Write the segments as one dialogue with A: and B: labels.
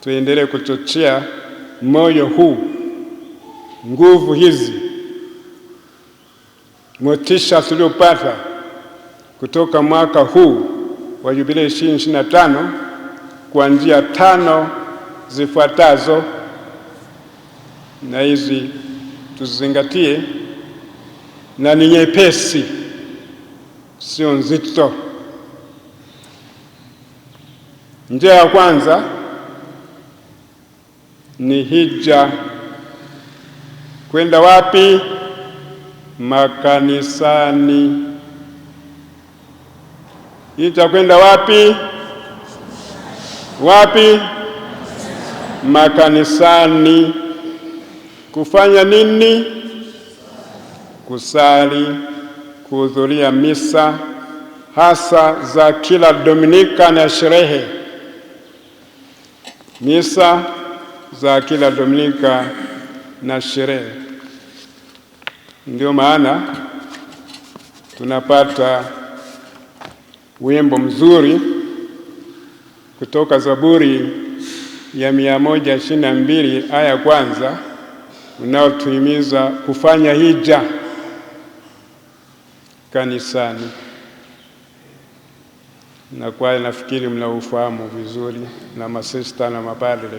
A: tuendelee kuchochea moyo huu, nguvu hizi, motisha tuliopata kutoka mwaka huu wa Jubilei ishirini na tano kwa njia tano zifuatazo, na hizi tuzingatie, na ni nyepesi, sio nzito. Njia ya kwanza ni hija. Kwenda wapi? Makanisani. Hija kwenda wapi? Wapi? Makanisani. Kufanya nini? Kusali, kuhudhuria misa hasa za kila Dominika na sherehe misa za kila dominika na sherehe. Ndio maana tunapata wimbo mzuri kutoka Zaburi ya mia moja ishirini na mbili aya ya kwanza unaotuhimiza kufanya hija kanisani, na kwa nafikiri mnaufahamu vizuri, na masista na mapadre.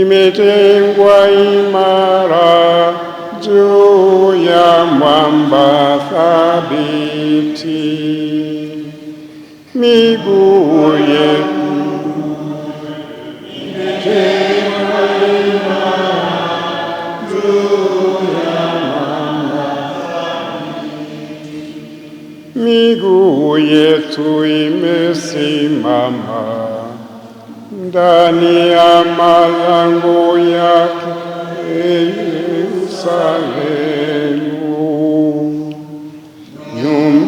A: imetengwa imara juu ya mwamba thabiti.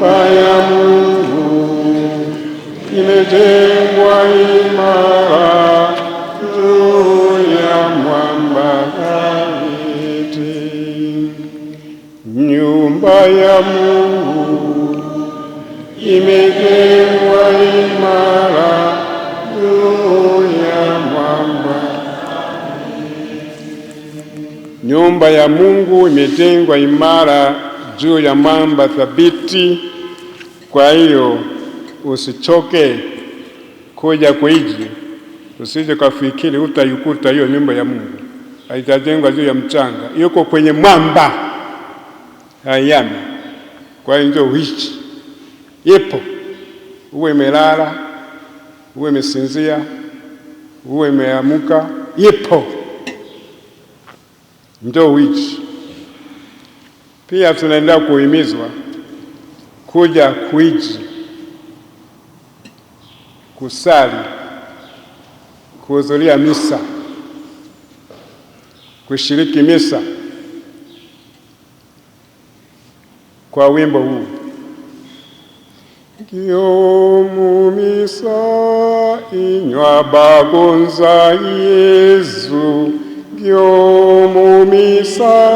A: nyumba ya Mungu imejengwa imara juu ya mwamba thabiti. Nyumba ya Mungu imejengwa imara juu ya mwamba nyumba ya Mungu imejengwa imara juu ya mwamba thabiti. Kwa hiyo usichoke kuja kuiji, usije kafikiri utaikuta hiyo nyumba ya Mungu haitajengwa juu ya mchanga, yuko kwenye mwamba hayami. Kwa hiyo ndio uishi, ipo, uwe melala, uwe mesinzia, uwe meamuka, ipo, ndio uishi. Pia tunaendelea kuhimizwa kuja kuiji, kusali, kuhudhuria misa, kushiriki misa kwa wimbo huu Giomu misa inywa bagonza Yezu Giomu misa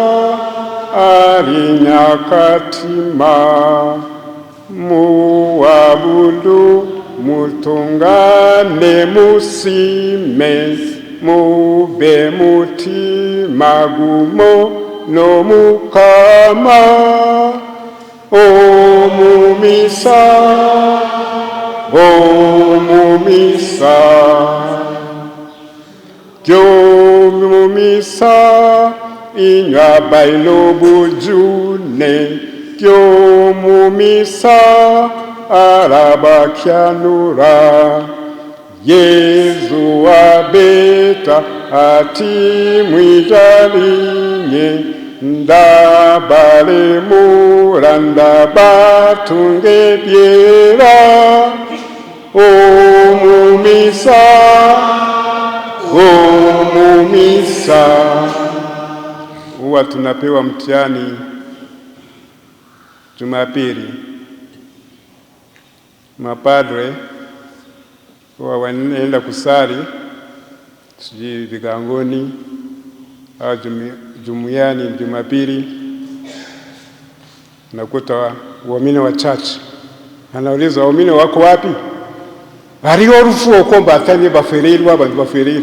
A: nyakatima muabudu mutungane musime mube mutima gumo nomukama omumisa omumisa gyomumisa inywa bailobujune gyomumisa arabakyanura yezu wabeta ati atimwijalinye ndabalemura ndabatunge byera omumisa omumisa huwa tunapewa mtihani Jumapili mapadre huwa wanaenda kusali sijui vigangoni au jumuiani Jumapili, nakuta waumini wachache. Anauliza, waumini wako wapi? ario rufuo komba atanye baferirwa abantu baferire.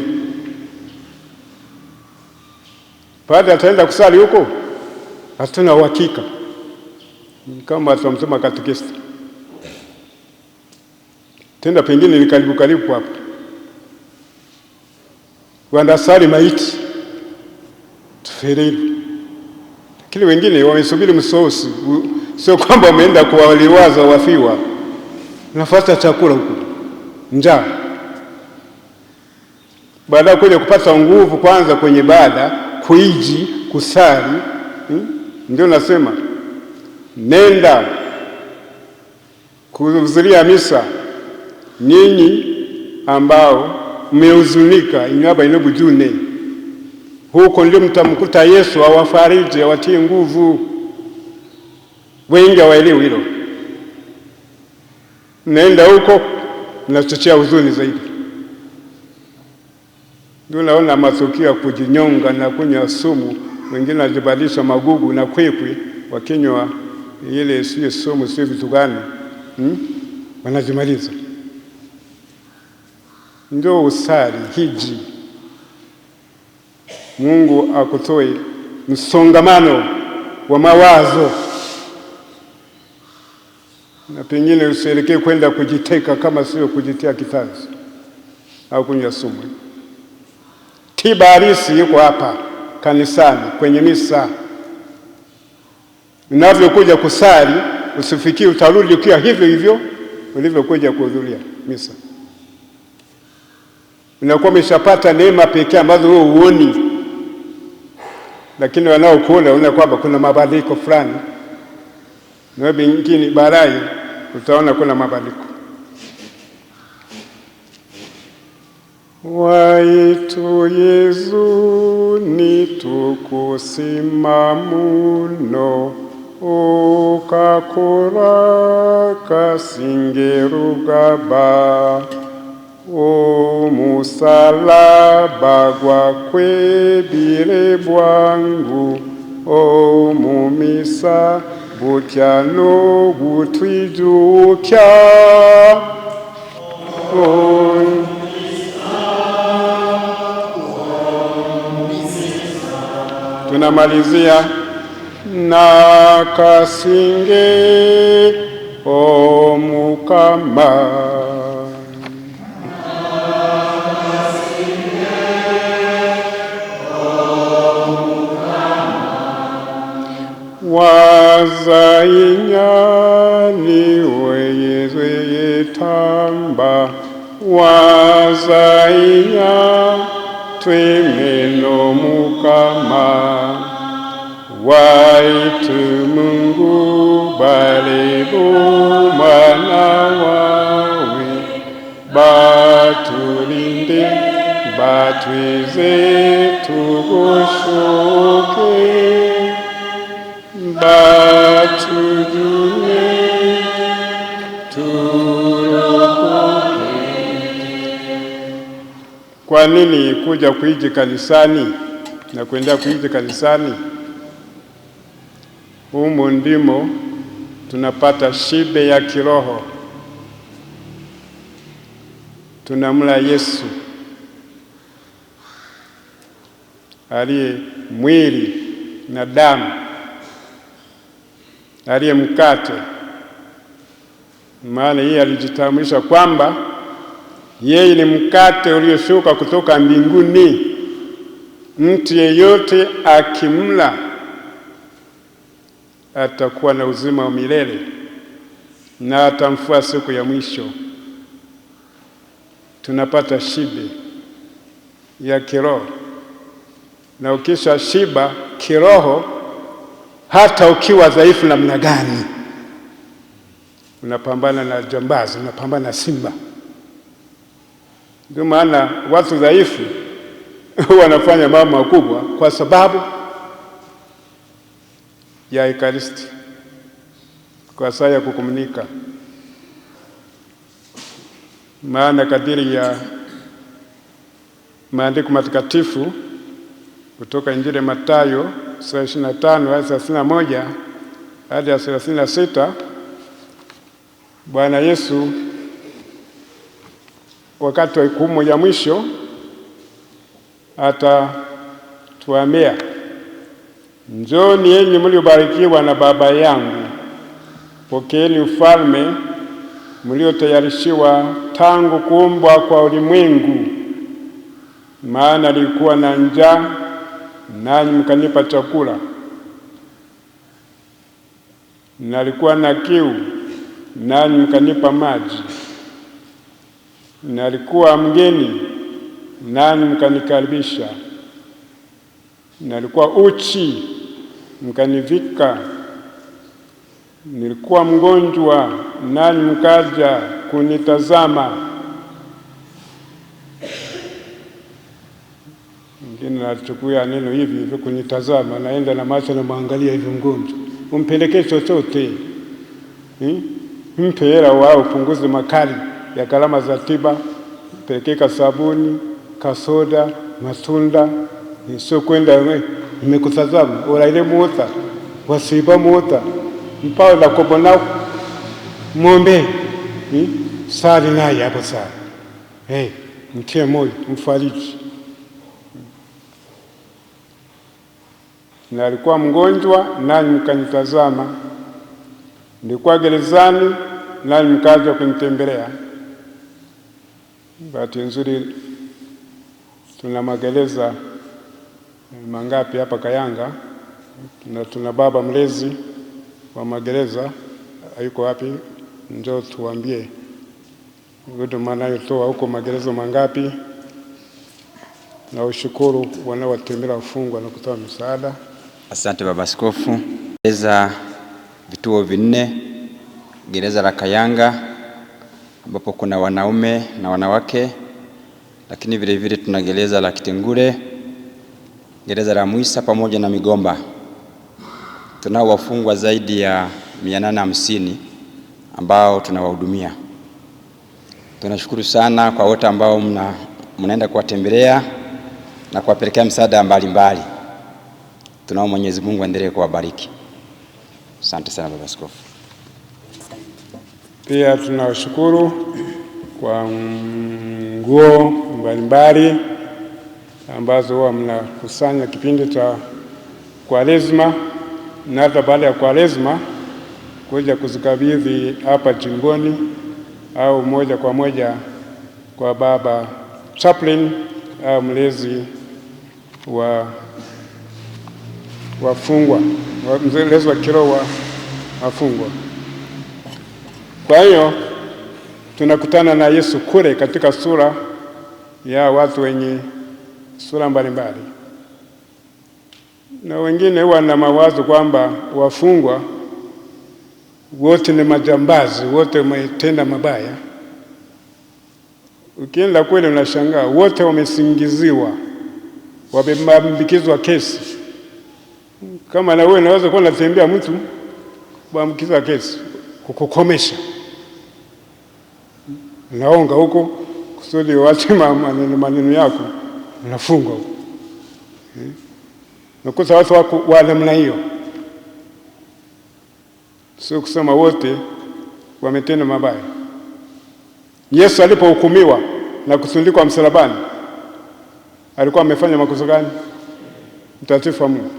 A: Padre ataenda kusali huko, hatuna uhakika kama alivyosema katekista, tena pengine ni karibu karibu hapo, wanasali maiti tuferevu, lakini wengine wamesubiri msosi, sio kwamba wameenda kuwaliwaza wafiwa, nafata chakula huko, njaa baada ya kuja kupata nguvu kwanza kwenye baada kuiji kusali hmm? Ndio nasema nenda kuhudhuria misa, ninyi ambao mmehuzunika, inywaba ino bujune, huko ndio mtamkuta Yesu awafariji, awatie nguvu. Wengi hawaelewi hilo. naenda huko nachochea huzuni zaidi. Ndio naona matukio ya kujinyonga na kunywa sumu, wengine wajibadilisha magugu na kwekwe wakinywa ile sio somo sio vitu gani hmm? Wanazimaliza, ndio usali hiji. Mungu akutoe msongamano wa mawazo na pengine usielekee kwenda kujiteka kama sio kujitia kitanzi au kunywa sumu. Tiba halisi yuko hapa kanisani kwenye misa. Unavyokuja kusali usifikie utarudi ukiwa hivyo hivyo ulivyokuja kuhudhuria misa. Unakuwa umeshapata neema pekee ambazo wewe huoni, lakini wanaokuona unaona kwamba kuna mabadiliko fulani, na bingine baadaye utaona kuna mabadiliko Waitu Yesu ni tukusimamuno ukakura kasingerugaba omusalaba gwakwebile bwangu omumisa butya nobutwijukya tunamalizia nakasinge omukama wazayinyani weyezeyetamba Wazainya twimwe waitu Mungu bali umwana wawe batulinde batwize tugushuke batujume turokoke. Kwa nini kuja kuiji kanisani na kuendea kuiji kanisani? Humu ndimo tunapata shibe ya kiroho. Tunamla Yesu aliye mwili na damu, aliye mkate, maana yeye alijitambulisha kwamba yeye ni mkate ulioshuka kutoka mbinguni. Mtu yeyote akimla atakuwa na uzima wa milele na atamfua siku ya mwisho. Tunapata shibe ya kiroho, na ukisha shiba kiroho, hata ukiwa dhaifu namna gani, unapambana na jambazi, unapambana na simba. Ndio maana watu dhaifu wanafanya mambo makubwa kwa sababu ya Ekaristi kwa saa ya kukumunika maana kadiri ya maandiko matakatifu kutoka Injili Mathayo sura ya 25 hadi 31 hadi ya 36, Bwana Yesu wakati wa hukumu ya mwisho atatuamea njoni enyi mliobarikiwa na Baba yangu, pokeeni ufalme mliotayarishiwa tangu kuumbwa kwa ulimwengu. Maana nilikuwa na njaa, nanyi mkanipa chakula, nalikuwa na kiu, nanyi mkanipa maji, nalikuwa mgeni, nanyi mkanikaribisha, nalikuwa uchi mkanivika. Nilikuwa mgonjwa, nani mkaja kunitazama. Mwingine nachukua neno hivi hivyo, kunitazama, naenda na macho namwangalia hivyo mgonjwa, umpelekee chochote hmm? Mpe hela wao, upunguze makali ya gharama za tiba, mpelekee kasabuni, kasoda, matunda, sio kwenda mmekutazama ulaile muota wasiba muota mpawe lakomonao mwombe hm? sali naye hapo sana hey, mtie moyo mfariji. Na mgonjwa nani mkanitazama, nilikuwa gerezani nani mkaja kunitembelea. Bahati nzuri tuna magereza mangapi hapa Kayanga. Tuna, tuna baba mlezi wa magereza hayuko wapi? Njoo tuambie huduma anayotoa huko magereza mangapi, na ushukuru wanaowatembelea wafungwa na kutoa msaada.
B: Asante baba askofu. Gereza vituo vinne, gereza la Kayanga ambapo kuna wanaume na wanawake, lakini vilevile tuna gereza la Kitengule gereza la Mwisa pamoja na Migomba. Tunao wafungwa zaidi ya 850 ambao tunawahudumia. Tunashukuru sana kwa wote ambao mna, mnaenda kuwatembelea na kuwapelekea msaada mbalimbali. Tunao Mwenyezi Mungu aendelee kuwabariki. Asante sana Baba Askofu.
A: Pia tunawashukuru kwa nguo mbalimbali ambazo huwa mnakusanya kipindi cha Kwaresma na hata baada ya Kwaresma kuja kuzikabidhi hapa jingoni au moja kwa moja kwa baba chaplain au mlezi wa wafungwa, mlezi wa kiroho wa wafungwa. Kwa hiyo tunakutana na Yesu kule katika sura ya watu wenye sura mbalimbali, na wengine huwa na mawazo kwamba wafungwa wote ni majambazi, wote wametenda mabaya. Ukienda kweli, unashangaa wote wamesingiziwa, wamebambikizwa kesi. Kama na wewe naweza kuwa natembea mtu kubambikiza kesi, kukukomesha, naonga huko kusudi wache maneno maneno yako unafunga huko. Hmm? Nakuta watu wako wa namna hiyo, sio kusema wote wametenda mabaya. Yesu alipohukumiwa na kusundikwa msalabani alikuwa amefanya makosa gani? Mtakatifu wa Mungu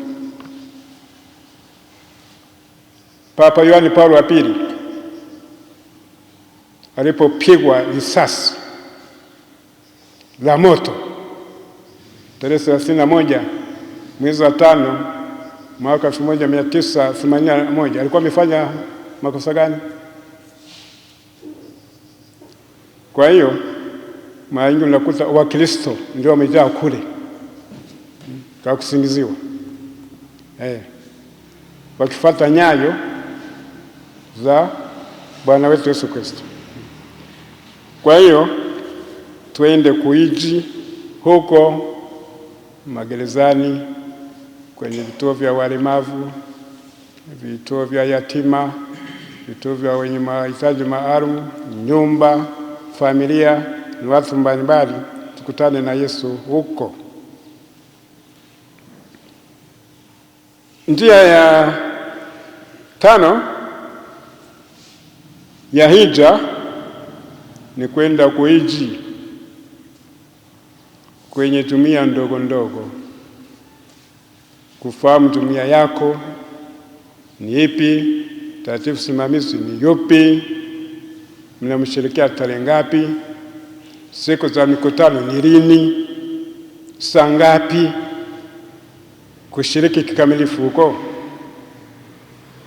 A: Papa Yohani Paulo wa pili alipopigwa risasi la moto tarehe thelathini na moja mwezi wa tano mwaka elfu moja mia tisa alikuwa amefanya makosa gani? Kwa hiyo mara nyingi unakuta Wakristo ndio wamejaa kule kwa kusingiziwa eh, wakifuata nyayo za Bwana wetu Yesu Kristo. Kwa hiyo twende kuiji huko magerezani, kwenye vituo vya walemavu, vituo vya yatima, vituo vya wenye mahitaji maalum, nyumba, familia na watu mbalimbali. Tukutane na Yesu huko. Njia ya tano ya hija ni kwenda kuiji kwenye tumia ndogo ndogo, kufahamu tumia yako ni ipi, taratibu simamizi ni yupi, mnamsherekea tarehe ngapi, siku za mikutano ni lini, saa ngapi, kushiriki kikamilifu huko.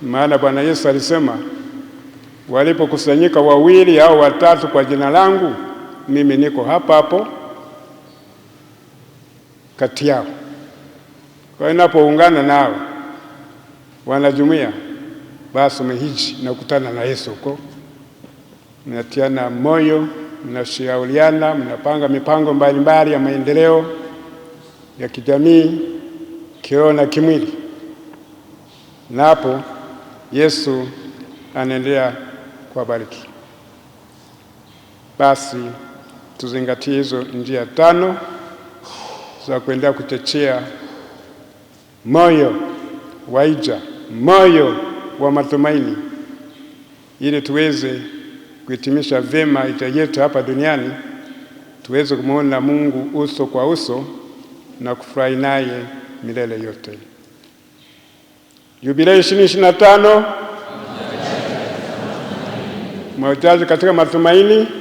A: Maana Bwana Yesu alisema walipokusanyika wawili au watatu kwa jina langu, mimi niko hapa hapo kati yao. Kwa inapoungana nao wanajumuia, basi umehiji nakutana na Yesu huko, mnatiana moyo, mnashauriana, mnapanga mipango mbalimbali ya maendeleo ya kijamii, kiroho na kimwili, na hapo Yesu anaendelea kuwabariki. Basi tuzingatie hizo njia tano za kuendelea kuchochea moyo wa hija, moyo wa matumaini, ili tuweze kuhitimisha vyema hija yetu hapa duniani, tuweze kumwona Mungu uso kwa uso na kufurahi naye milele yote. Jubilei ishirini na tano mahujaji katika matumaini.